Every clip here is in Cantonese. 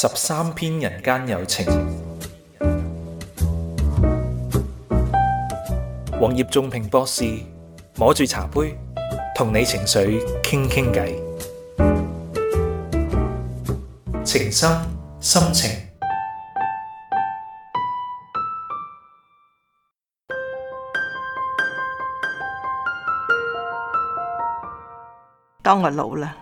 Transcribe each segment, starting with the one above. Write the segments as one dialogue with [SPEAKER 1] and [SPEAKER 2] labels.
[SPEAKER 1] 十三篇人間有情，黃葉仲平博士摸住茶杯，同你情緒傾傾偈，情深深情。當我老啦。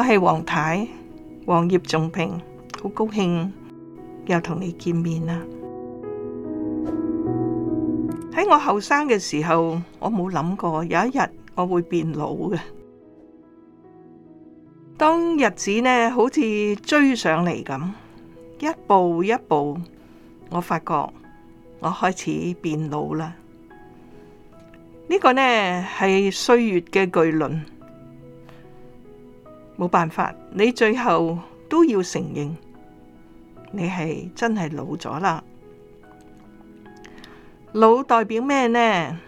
[SPEAKER 1] 我係黃太，黃葉仲平，好高興又同你見面啦！喺我後生嘅時候，我冇諗過有一日我會變老嘅。當日子呢好似追上嚟咁，一步一步，我發覺我開始變老啦。呢個呢係歲月嘅巨輪。冇辦法，你最後都要承認，你係真係老咗啦。老代表咩呢？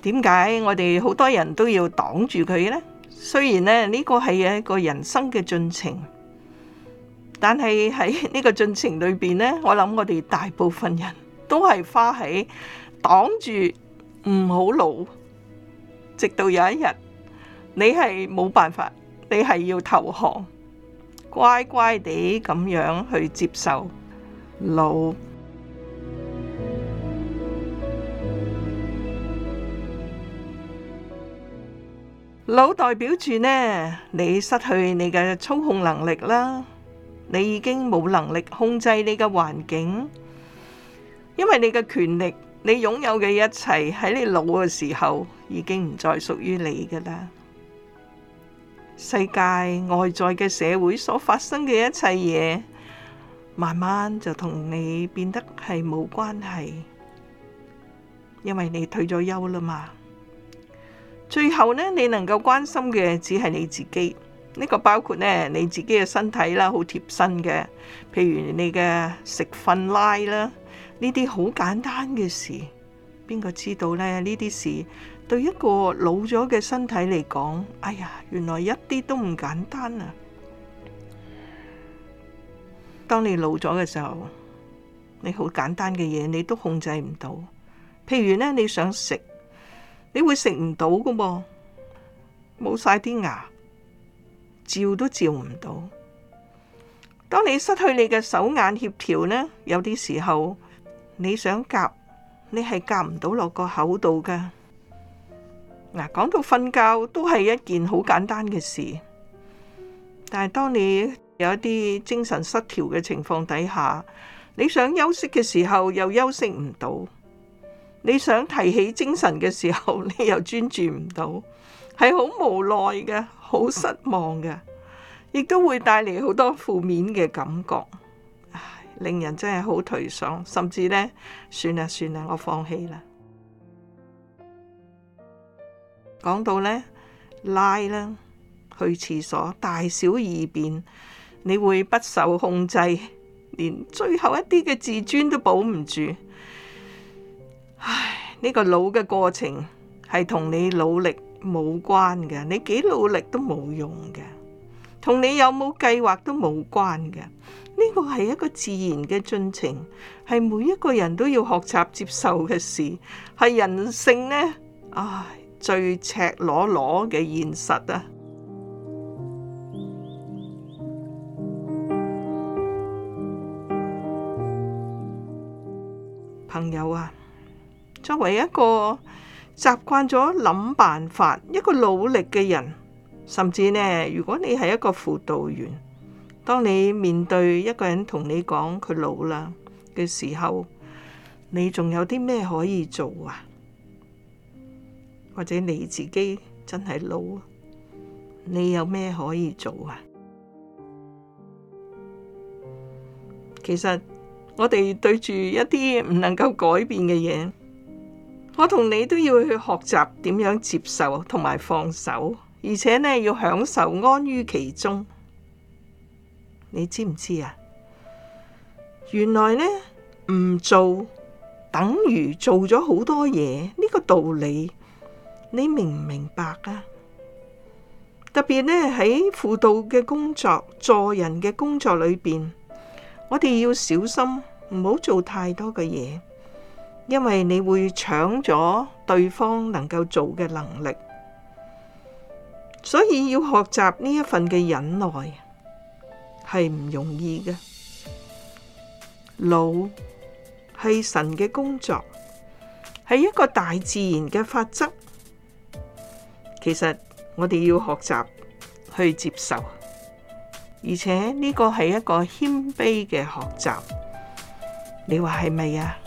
[SPEAKER 1] 點解我哋好多人都要擋住佢呢？雖然呢呢個係一個人生嘅進程，但係喺呢個進程裏面呢，我諗我哋大部分人都係花喺擋住唔好老，直到有一日你係冇辦法。你係要投降，乖乖地咁樣去接受老。老代表住呢，你失去你嘅操控能力啦，你已經冇能力控制你嘅環境，因為你嘅權力，你擁有嘅一切喺你老嘅時候已經唔再屬於你㗎喇。世界外在嘅社會所發生嘅一切嘢，慢慢就同你變得係冇關係，因為你退咗休啦嘛。最後呢，你能夠關心嘅只係你自己，呢個包括呢你自己嘅身體啦，好貼身嘅，譬如你嘅食、瞓、拉啦，呢啲好簡單嘅事。邊個知道呢？呢啲事對一個老咗嘅身體嚟講，哎呀，原來一啲都唔簡單啊！當你老咗嘅時候，你好簡單嘅嘢你都控制唔到。譬如呢，你想食，你會食唔到㗎嘛，冇晒啲牙，照都照唔到。當你失去你嘅手眼協調呢，有啲時候你想夾。你係夾唔到落個口度㗎，嗱，講到瞓覺都係一件好簡單嘅事，但係當你有一啲精神失調嘅情況底下，你想休息嘅時候又休息唔到，你想提起精神嘅時候你又專注唔到，係好無奈嘅，好失望嘅，亦都會帶嚟好多負面嘅感覺。令人真係好頹喪，甚至呢，算啦算啦，我放棄啦。講到呢，拉啦，去廁所大小二便，你會不受控制，連最後一啲嘅自尊都保唔住。唉，呢個老嘅過程係同你努力冇關嘅，你幾努力都冇用嘅，同你有冇計劃都冇關嘅。個係一個自然嘅進程，係每一個人都要學習接受嘅事，係人性呢，唉，最赤裸裸嘅現實啊！朋友啊，作為一個習慣咗諗辦法、一個努力嘅人，甚至呢，如果你係一個輔導員。當你面對一個人同你講佢老啦嘅時候，你仲有啲咩可以做啊？或者你自己真係老，你有咩可以做啊？其實我哋對住一啲唔能夠改變嘅嘢，我同你都要去學習點樣接受同埋放手，而且呢，要享受安於其中。你知唔知啊？原來呢，唔做等於做咗好多嘢，呢個道理你明唔明白啊？特別呢，喺輔導嘅工作，助人嘅工作裏邊，我哋要小心唔好做太多嘅嘢，因為你會搶咗對方能夠做嘅能力，所以要學習呢一份嘅忍耐。係唔容易嘅，老係神嘅工作，係一個大自然嘅法則。其實我哋要學習，去接受，而且呢個係一個謙卑嘅學習。你話係咪啊？